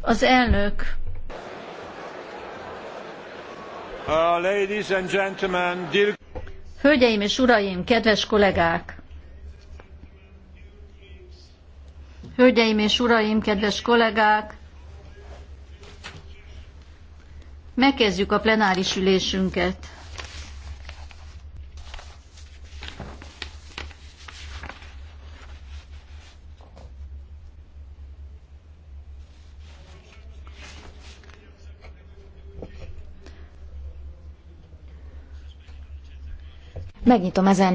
Az elnök. Uh, ladies and gentlemen, dear... Hölgyeim és uraim, kedves kollégák! Hölgyeim és uraim, kedves kollégák! Megkezdjük a plenáris ülésünket. Megnyitom ezen